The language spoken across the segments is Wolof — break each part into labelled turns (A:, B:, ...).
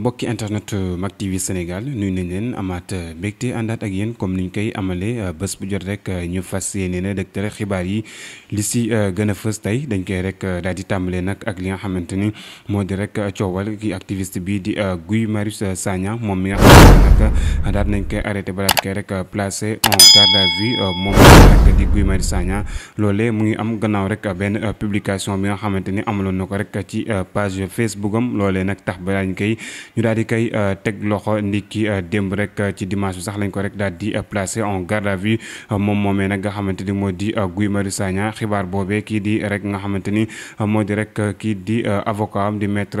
A: mbokki internet euh, Mak TV Sénégal nuyu nañ leen amaat euh, mbégte àndaat ak yéen comme ni ñu koy amalee euh, bés bu jot rek ñu fas yéene na dëgtale xibaar yi li si gën a fës tey dañ koy rek daal di tàmbalee nag ak li nga xamante ni moo di rek coowal ki activiste bii di Guy Marius Sagna moom mi nga xamante nag daal nañ koy arrêté ba daal koy rek place en garde à vue moom nag di Guy Marius mu ngi am gannaaw rek benn publication bi nga xamante ni amaloon na ko rek ci page Facebook am loolee nag tax ba dañ koy. ñu daal di koy euh, teg loxo ndiki euh, démb rek euh, ci dimanche bi sax lañ ko rek daal di placé en garde à vue moom moomee nag nga xamante ni moo di Guy Marius Sagna xibaar boobee kii di rek nga xamante ni moo di rek kii di avocat am di maître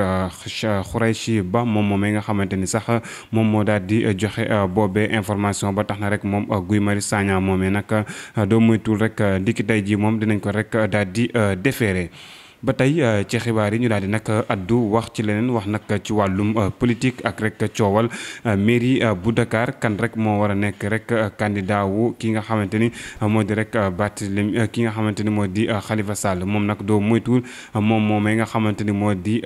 A: Khoureychi Ba moom moomee nga xamante ni sax moom moo daal di joxe boobe information ba tax na rek moom Guy mari Sagna moomee nag doo moytuwul rek ndiki tey jii moom dinañ ko rek daal di déféré ba tey euh, ci xibaar yi ñu daal di nag euh, addu wax ci leneen wax nag ci wàllum euh, politique ak rek coowal mairie bu Dakar kan rek moo war a nekk rek candidat wu ki nga xamante ni moo di rek Barthélémy ki nga xamante ni moo di Khalifa moom nag doo moytuwul moom moomee nga xamante ni moo di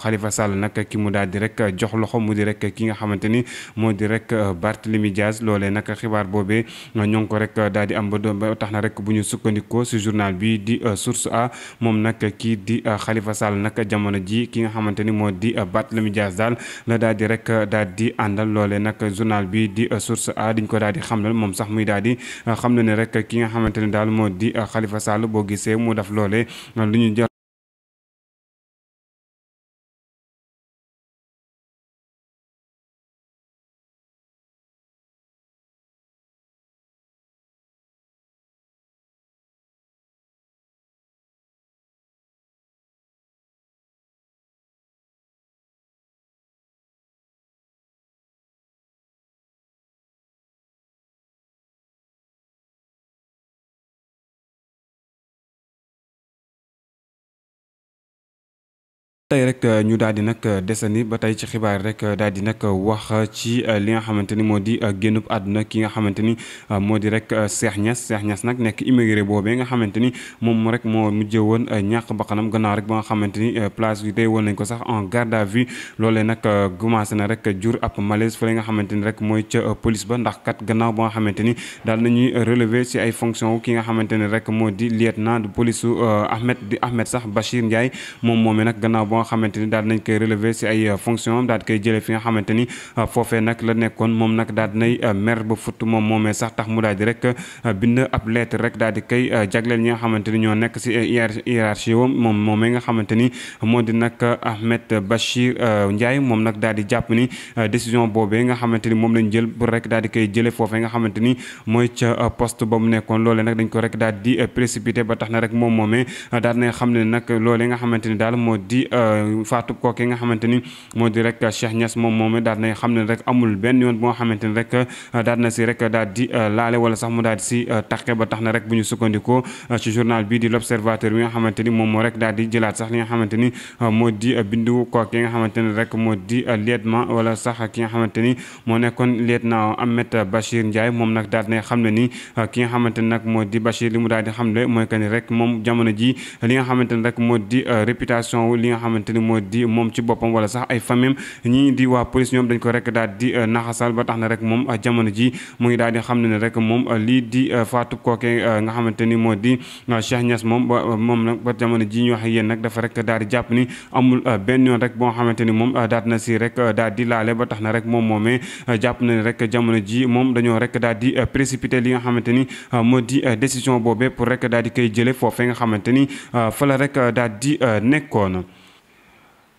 A: Khalifa Sall nag ki mu daal di rek jox loxo mu di rek ki nga xamante ni moo di rek Barthélémy Diaz loole nag xibaar boobee ñoo ngi ko rek daal di am ba tax na rek bu ñu sukkandikoo si journal bi di source a moom nag kii kii di euh, Khalifa Sall nag jamono ji ki nga xamante ni moo di euh, Barthélémy Dias daal la daal di rek euh, daal di àndal loole nag journal bi di source a ko daal di xam xamlal moom sax muy daal di xam ne ne rek ki nga xamante ni daal moo di xalifa Sall boo gisee mu daf loole lu ñu jël tey rek euh, ñu daal di nag euh, desani ba tey ci xibaar rek euh, daal di nag wax ci li nga xamante ni moo di génnub àdduna ki nga xamante ni moo di rek Cheikh Niass Cheikh Niass nag nekk immigré boobee nga xamante ni moom rek moo mujjee woon ñàkk bakkanam gannaaw rek ba nga xamante ni place bi tey woon nañ ko sax en garde à vue nag commencé na rek jur ab malaise fële nga xamante ni rek mooy ca ba ndax kat gannaaw ba nga xamante ni daal nañuy relever ci ay fonction ki nga xamante ni rek moo di lieutenant de police Ahmed di Ahmed sax Bachir Ndiaye moom moomee nag gannaaw ba nga xamante ni daal nañ koy relever si ay euh, fonction daal di koy jëlee fi nga xamante ni euh, foofee nag la nekkoon moom nag daal dinay euh, mer ba futt moom moomee sax tax mu daal di rek di koy jagleel ñi nga xamante ni si hiérarchie wam moom moomee nga di nag Ahmed Bachir Ndiaye moom daal di xamante ni moom lañ jël pour rek daal di koy jëlee foofee nga xamante ni mooy ca poste ba mu nekkoon loolee nag dañ ko rek daal di précipité ba tax na rek moom moomee daal di xam ne nag loolee nga xamante daal moo di faatu ko ki nga xamante moo di rek Cheikh Niass xam ne rek amul benn yoon na si rek daal di euh, laale wala sax mu daal di si euh, ba tax na rek bu ñu sukkandikoo euh, ci journal bii di l'observateur bi nga xamante ni moom moo rek daal di jëlaat sax li nga xamante ni moo di bindu ko ki nga xamante ni rek moo di lieutenant wala sax ki nga xamante ni moo nekkoon lieutenant Ahmed Bachir Ndiaye moom nag daal na xam ne ni ki nga xamante ni nag moo di Bachir li mu daal di xam ne mooy que ni rek moom jamono ji li nga xamante rek moo di réputation li nga xamante ni moo di moom ci boppam wala sax ay famille ñii di waa police dañ ko rek daal di euh, naxasal ba tax na rek moom euh, jamono ji mu ngi daal di xam ne ne rek moom euh, lii di faatu kooke nga xamante ni moo di Cheikh Niass moom ba moom nag ba jamono ji ñu wax yéen nag dafa rek daal di jàpp ni amul benn yoon rek boo xamante ni moom daat na si rek daal di laale ba tax na rek moom moomee jàpp na ne rek jamono ji moom dañoo rek daal di précipité li nga xamante ni moo di décision boobee pour rek daal di koy jële foofee nga xamante ni fa la rek daal di nekkoon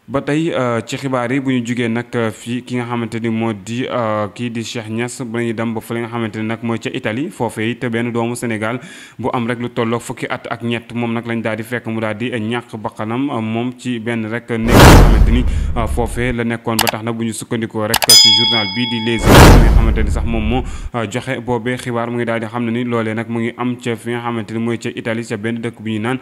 A: ba tey euh, ci xibaar yi bu ñu jugee nag euh, fii ki nga xamante ni moo di euh, kii di Cheikh Niass bu nañu dem ba fële nga xamante ni nag mooy ca Italie foofee te benn doomu Sénégal bu am rek lu tolloo fukki at ak ñett moom nag lañu daal di fekk mu daal di ñàkk bakkanam moom ci benn rek nekk la nekkoon ba tax na bu ñu sukkandikoo rek ci journal bii di Les xamante ni sax moom moo joxe boobee xibaar mu ngi daal di xam ne ni loolee nag mu ngi am ca fi nga xamante ni mooy ca Italie ca benn dëkk bu ñuy naan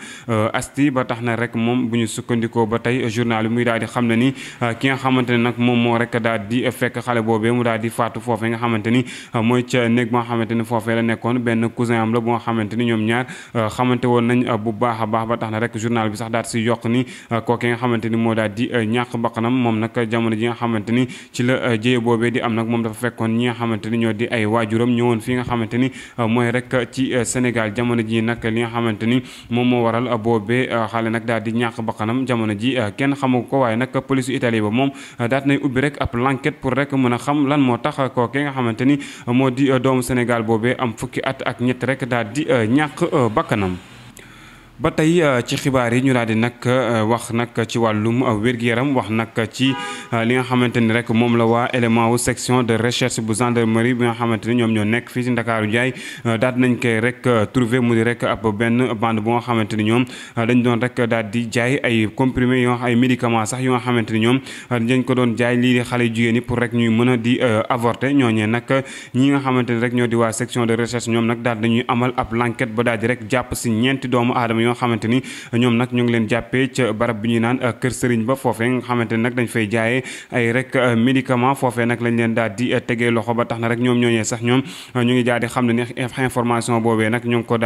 A: Asti ba tax na rek moom bu ñu sukkandikoo ba tey journal bi daal di xam ne ni euh, ki nga xamante ne moom moo rek daal di fekk xale boobee mu daal di faatu foofee nga xamante ni euh, mooy ca néeg ba nga xamante ni foofee la nekkoon benn cousin am la bu nga xamante ni ñoom ñaar euh, bu baax a baax ba tax na rek journal bi sax daal si yokk ni kooke nga xamante ni moo daal di ñàkk bakkanam moom nag jamono ji nga xamante ni ci la jéye boobee di am nag moom dafa fekkoon ñi nga xamante ni ñoo di ay waajuram ñëwoon fi nga xamante ni mooy rek ci Sénégal jamono ji nag li nga xamante ni moom moo waral boobee xale nag daal di ñàkk bakkanam jamono ji kenn xamu ko waaye nag police itali ba moom euh, daat nay ubbi rek ab l'enquête pour rek mën a xam lan moo tax euh, kooke nga xamante ni euh, moo di doomu Sénégal boobee am fukki at ak ñett rek daal di ñàkk bakkanam ba tey ci xibaar yi ñu daal di nag wax nag ci wàllum wér-gu-yaram wax nag ci Euh, li nga xamante ni rek moom la waa élément wu section de recherche bu gendarmerie bi ñoo nekk fii si Ndakaaru Njaay euh, daal nañ koy rek euh, trouvé mu di benn bande bu nga xamante ni ñoom dañ doon rek daal di jaay ay comprimés ay médicaments sax yoo nga xamante ni ñoom dañ ko doon jaay lii xale jigéen ñi pour rek ñuy mën a di avorter ñooñee nag ñi nga xamante ni rek ñoo di waa section de recherche ñoom nag daal dañuy amal ab l'enquête ba daal di rek jàpp si ñeenti doomu aadama yoo xamante ni ñoom nag ñu ngi leen jàppee ca barab bi ñuy naan kër sëriñ ba foofee nga xamante ni nag dañ fay jaayee ay rek euh, médicament foofee nag lañ leen daal di euh, tegee loxo ba tax na rek ñoom ñooñee sax ñoom euh, ñu ngi daal di xam ne ni information boobee nag ñu ngi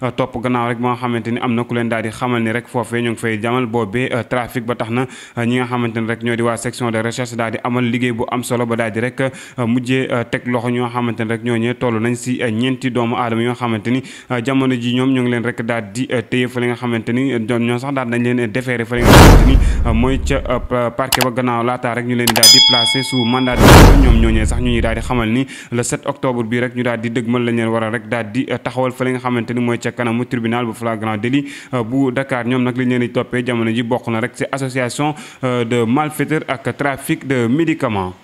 A: ba nga xamante ni am na ku leen daal di xamal ni rek foofee ñu ngi fay jamal boobee trafic ba tax na ñi nga xamante ni rek ñoo ñoo xamante ni rek ñooñee toll nañ si ñeenti doomu aadama yoo xamante ni jamono ji ñoom ñu ngi leen rek daal di téye fa li nga ñoo sax daal dañ leen defeere fa li nga mooy ca parquet ba gannaaw laataa rek ñu leen daal di placé sous mandat de dépôt ñoom ñooñee sax ñu ñuy daal di xamal ni le 7 octobre bi rek ñu daal di dëgmal lañ leen war a rek daal di eh, taxawal fa li nga xamante ni mooy ca kanamu tribunal bu flagrant délit eh, bu dakaar ñoom nag li ñu leen di toppee jamono ji bokk na rek ci association eh, de malfaiteurs ak trafic de médicaments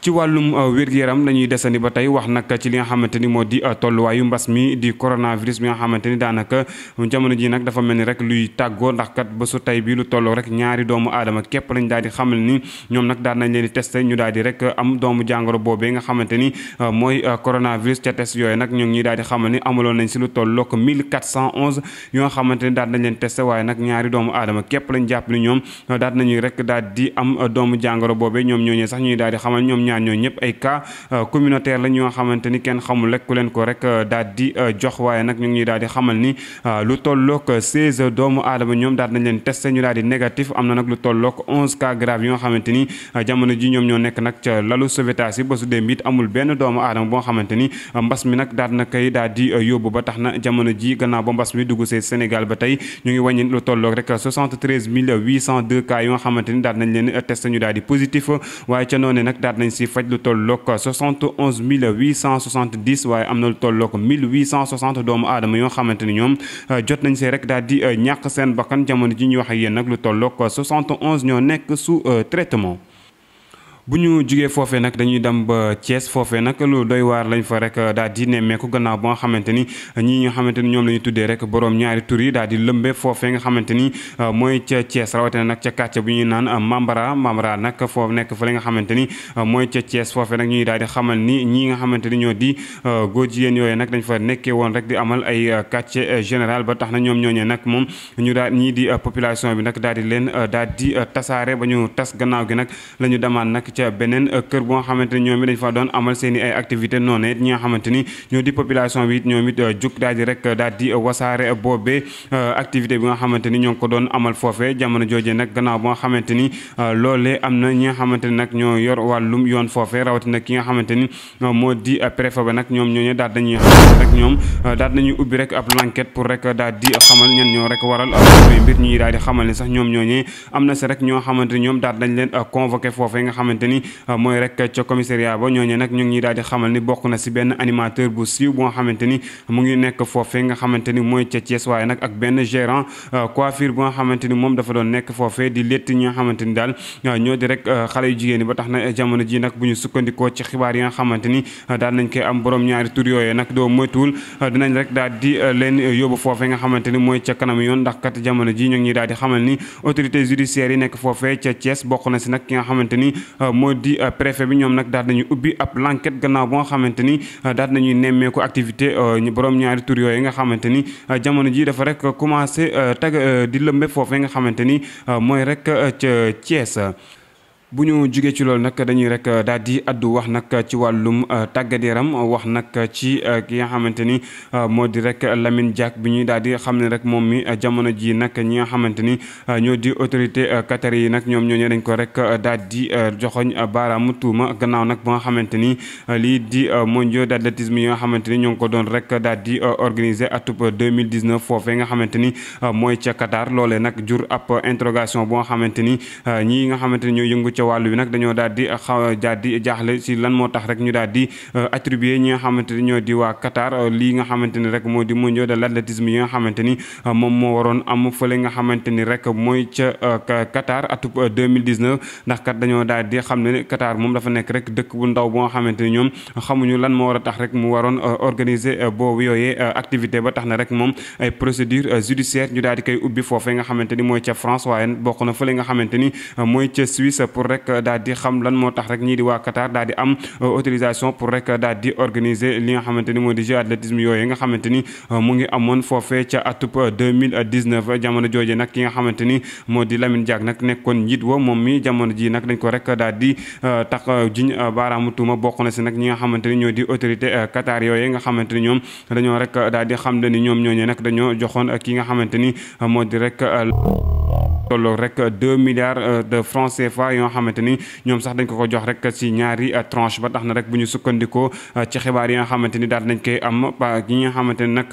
A: ci wàllum euh, wér-gu-yaram la ñuy ni ba tey wax nag ci li nga xamante ni moo di euh, tolluwaayu mbas mi di coronavirus bi nga xamante ni daanaka jamono ji nag dafa mel ni rek luy tàggoo ndax kat ba su tey bi lu tolloo rek ñaari doomu aadama képp lañ daal di xamal ni ñoom nag daal nañ leen di testé ñu daal di rek euh, am doomu jàngoro boobee nga xamante ni mooy coronavirus ca test yooyu nag ñoo ngi ñuy daal di xamal ni amaloon nañ si lu tolloo ko 1411 yoo nga xamante ni daal nañ leen testé waaye nag ñaari doomu aadama képp lañ jàpp ni ñoom daal nañuy rek daal di am doomu jàngoro boobee ñoom ñooñee sax ñu daal di xamal ñoom ñaar ñooñu ñëpp ay cas euh, communautaire la ñoo xamante ni kenn xamul rek ku leen ko rek euh, daal di euh, jox waaye nag ñu ngi daal di xamal ni lu tolloog seize doomu aadama ñoom daal nañ leen testé ñu daal di négatif am na lu tolloog onze cas grave yoo xamante ni jamono ji ñoom ñoo nekk nag ca lalu sauvetage yi ba su dee benn doomu aadama boo xamante ni mbas mi nag daal na koy daal di yóbbu ba tax na jamono ji gannaaw ba mbas mi dugg see Sénégal ba tey ñu ngi wàññi lu tolloog rek 73 802 cas yoo xamante ni daal nañ leen testé daal di positif waaye ca noonu nag daal si faj lu tolloog 71 870 waaye am na lu tolloog 1860 doomu aadama yoo xamante ne ñoom euh, jot nañ see rek daal di euh, ñàkk seen bakkan jamono ji ñuy wax ak yéen nag lu tolloog 71 ñoo nekk sous euh, traitement bu ñu jugee foofee nag dañuy dem ba Thiès foofee nag lu doy waar lañ fa rek daal di nemmeeku gannaaw ba nga xamante ni ñii nga xamante ni ñoom la ñu tuddee rek borom ñaari tur yi daal di lëmbe foofee nga xamante ni euh, mooy ca Thiès rawatina nag ca kàcce bu ñuy naan euh, Mambara Mambara nag foofu nekk fa la nga xamante ni euh, mooy ca Thiès foofee nag ñuy daal di xamal ni ñii nga xamante ni ñoo di góor jigéen yooyu nag dañ fa nekkee woon rek di amal ay quartier général ba tax na ñoom ñooñee nag moom ñu daal ñii di population bi nag daal di leen daal di tasaare ba ñu tas gannaaw gi nag la ñu demaan nag nekk ca beneen euh, kër bu nga xamante ni ñoom it dañ fa doon ni ñoo di population bi it ñoom it euh, jug daal di rek euh, daal di wasaare boobee activité bi nga xamante am na ñi nga xamante ni nag ñoo yor wàllum yoon foofee rawatina ki nga xamante ni moo di préfet ba nag ñoom ñooñu daal dañuy xamal rek ñoom daal rek ab enquête pour rek daal di xamal ñan ñoo rek waral mbir ñi daal di xamal sax ñoom ñooñee am na si rek ñoo xamante ñoom daal dañ leen convoqué foofee nga xamante xamante ni ah, mooy rek ca commissariat ba ñooñu nag ñu ngi ñuy daal di xamal ni bokk na si benn animateur bu siiw bu nga xamante ni mu ngi nekk foofee nga xamante ni mooy ca Thiès waaye nag ak benn gérant ah, coiffure bu nga xamante ni moom dafa doon nekk foofee di létt ñi nga xamante ni daal ah, ñoo di rek xale yu jigéen tax na jamono ji nag bu ñu sukkandikoo ci xibaar yi nga xamante ni daal nañ koy am borom ñaari tur yooyee nag doo moytuwul dinañ rek daal di leen yóbbu foofee nga xamante ni mooy ca kanam yoon ndax kat jamono ji ñu ngi daal di xamal ni autorité judiciaire yi nekk foofee ca Thiès bokk na si nag ki nga xamante ni moo di euh, préfet bi ñoom nag daal nañu ubbi ab l'enquête gannaaw bu nga xamante ni euh, daal nañuy nemmeeku activité euh, ñu borom ñaari tur yi nga xamante ni jamono ji dafa rek commencé tag di lëmbe foofu nga xamante ni mooy rek ca bu ñu jugee ci loolu nag dañuy rek euh, daal di wax nag ci wàllum euh, tàggat yaram wax nag ci euh, ki nga xamante ni moo di rek Lamine Diack bi ñuy daal di xam ne rek moom mi jamono ji nag ñi nga xamante ni ñoo di autorité Qatar yi nag ñoom ñooñu dañ ko rek daal di joxoñ baaraamu tuuma gannaaw nag ba xamante ni lii di mondiaux d'athlétisme yi nga xamante ni ñoo ngi ko doon rek daal di organiser atub 2019 foofee nga xamante ni mooy ca Qatar loolee nag jur ab interrogation bu nga xamante ni ñi nga xamante ni ñoo yëngu ca wàllu wi nag dañoo daal di xaw di jaaxle si lan moo tax rek ñu daal di euh, attribuer ñi nga xamante ne ñoo di waa Qatar euh, lii nga xamante ni rek moo di mondial de l'athlétisme yi nga xamante ni euh, moom moo waroon am xamante ni rek mooy ca Qatar atub 2019 ndax kat dañoo daal di xam ne Qatar moom dafa nekk rek dëkk bu ndaw bu nga xamante ni ñoom xamuñu lan moo war a tax rek mu waroon organiser boobu yooyee activité ba tax na rek moom ay procédure judiciaire ñu daal di koy ubbi foofee nga xamante mooy ca France waaye bokk na fële nga xamante ni mooy ca Suisse pour rek daal di xam lan moo tax rek ñii di waa Qatar daal di am euh, autorisation pour rek daal di organiser li nga xamante ni moo di jeu athlétisme yooyu nga xamante ni euh, mu ngi amoon foofee ca atub 2019 euh, jamono jooje nag ki nga xamante ni moo di Lamine Diack nag nekkoon njiit wa moom mi jamono ji nag dañ ko rek daal di tax jiñ baaraamu tuuma bokk na si nag ñi nga xamante ni ñoo di autorité Qatar yooyu nga xamante ni ñoom dañoo rek daal di xam le ni ñoom ñooñu nag dañoo joxoon ki nga xamante ni moo di rek tolloog rek deux milliards euh, ko ko jox rek ci ñaari euh, tranche ba tax na rek bu ñu euh, ni daal nañ koy am ki nga xamante ni nag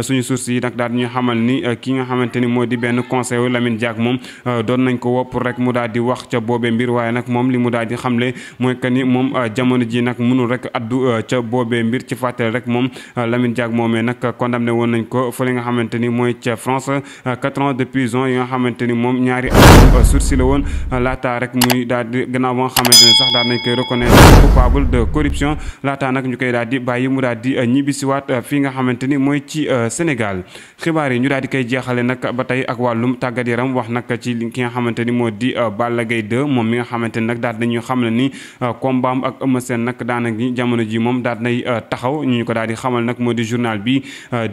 A: suñu source yi nag daal ñu xamal ni ki nga xamante ni moo di benn conseil wu Lamine Diack moom doon nañ ko wopp rek mu daal di wax ca boobee mbir waaye nag moom li mu daal di xamle mooy que ni moom jamono ji nag mënul rek addu ca boobee mbir ci fàttali rek moom Lamine Diack moomee nag condamné woon nañ ko fële nga xamante mooy ca France quatre ans de prison yi nga xamante moom juróom ñaari at sursis la woon laata rek muy daal di gannaaw ba nga xamante ne sax daal nañ koy reconnaître coupable de corruption laata nag ñu koy daal di bàyyi mu daal di euh, ñibbisiwaat euh, fii nga xamante ni mooy ci euh, Sénégal xibaar yi ñu daal di koy jeexale nag ba tey ak wàllum tàggat yaram wax nag ci ki nga xamante ni moo di Balla gay 2 moom mi nga xamante ni nag daal nañu xam ne ni kombaam ak Eumeu Sène nag daanaka jamono ji moom daal nay taxaw ko daal di xamal nag moo di journal bi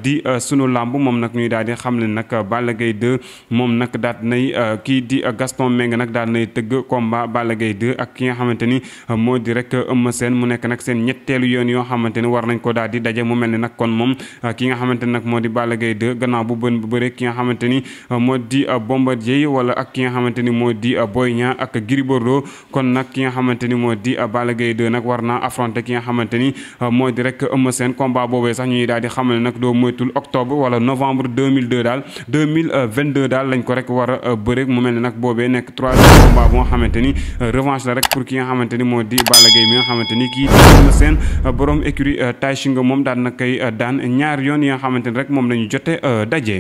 A: di sunu làmb moom nag ñuy daal xam ne nag Balla Gaye 2 moom nag daal nay ni euh, kii di euh, Gaston Mbengue nag daal nay tëgg combat Balla Gaye 2 ak ki nga xamante ni euh, moo di rek Eumeu mu nekk nag seen ñetteelu yoon yoo xamante ni war nañ ko daal di daje mu mel ni nag kon moom ki nga xamante ni nag moo di Balla Gaye 2 gannaaw bu bën bu bëre nga xamante ni moo di Bombardier wala ak ki nga xamante ni moo di Boy Niang ak Gris Bordeaux kon nag ki nga xamante ni moo di Balla Gaye nag war naa affronter ki nga xamante ni moo di rek Eumeu Sène combat boobee sax ñuy daal di xamal nag doo moytul octobre wala novembre 2002 daal 2022 daal lañ ko rek war bëreeg mu mel ni nag boobee nekk troisième combat bu nga xamante ni euh, revanche la rek pour ki nga xamante ni moo di Balla Gaye mi nga xamante ni kii na seen euh, borom écurie euh, Tay Shinga moom daan na koy daan ñaar yoon yi nga xamante ni rek moom lañu jotee daje.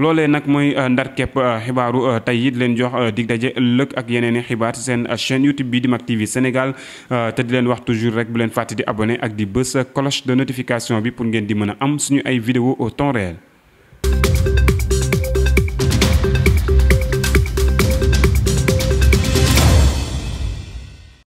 A: loolee nag mooy ndar kepp xibaaru tey it leen jox dig daje ëllëg ak yeneen i xibaar seen chaîne YouTube bi di Mak TV Sénégal te di leen wax toujours rek bu leen fàtte di abonné ak di bës de notification bi pour ngeen di mën a am suñu ay vidéo au temps